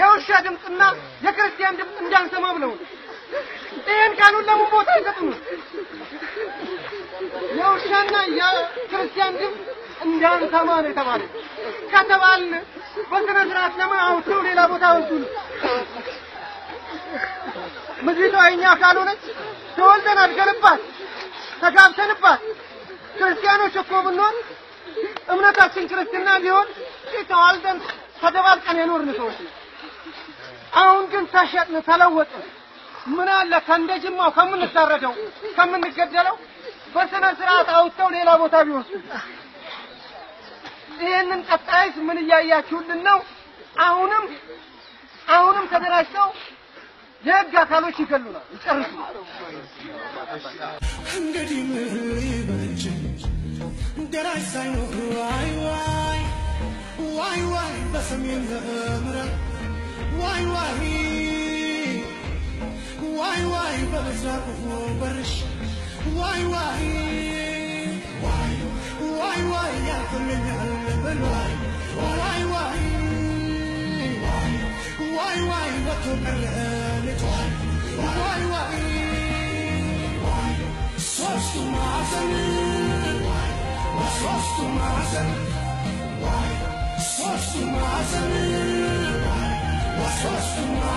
የውሻ ድምፅና የክርስቲያን ድምፅ እንዳንሰማ ብለው ይህን ካሉን ለምን ቦታ አይሰጡም? የውሻና የክርስቲያን ድምፅ እንዳንሰማ ነው የተባለ። ከተባልን በስነ ስርዓት ለምን አውጥተው ሌላ ቦታ አወጡ? ምድሪቷ የኛ ካልሆነች ተወልደን አድገንባት ተጋብተንባት ክርስቲያኖች እኮ ብንሆን እምነታችን ክርስትና ቢሆን ተዋልደን ተደባልቀን የኖርን ሰዎች አሁን ግን ተሸጥን፣ ተለወጥን። ምን አለ ከእንደ ጅማው ከምንታረደው ከምንገደለው በስነ ስርዓት አውጥተው ሌላ ቦታ ቢወስዱ። ይህንን ቀጣይስ ምን እያያችሁልን ነው? አሁንም አሁንም ተደራጅተው የህግ አካሎች ይገሉናል፣ ይጨርሱ። እንግዲህ ደራጅ ሳይኖር ዋይ ዋይ ዋይ ዋይ በሰሜን ምዕራብ واي واي واي واي بغزة وبرش واي واي واي واي ياكل من اللبن واي واي واي واي واي بطل الهالة واي واي واي صوصت مع سنين وصوصت مع سنين صوصت مع سنين trust in God.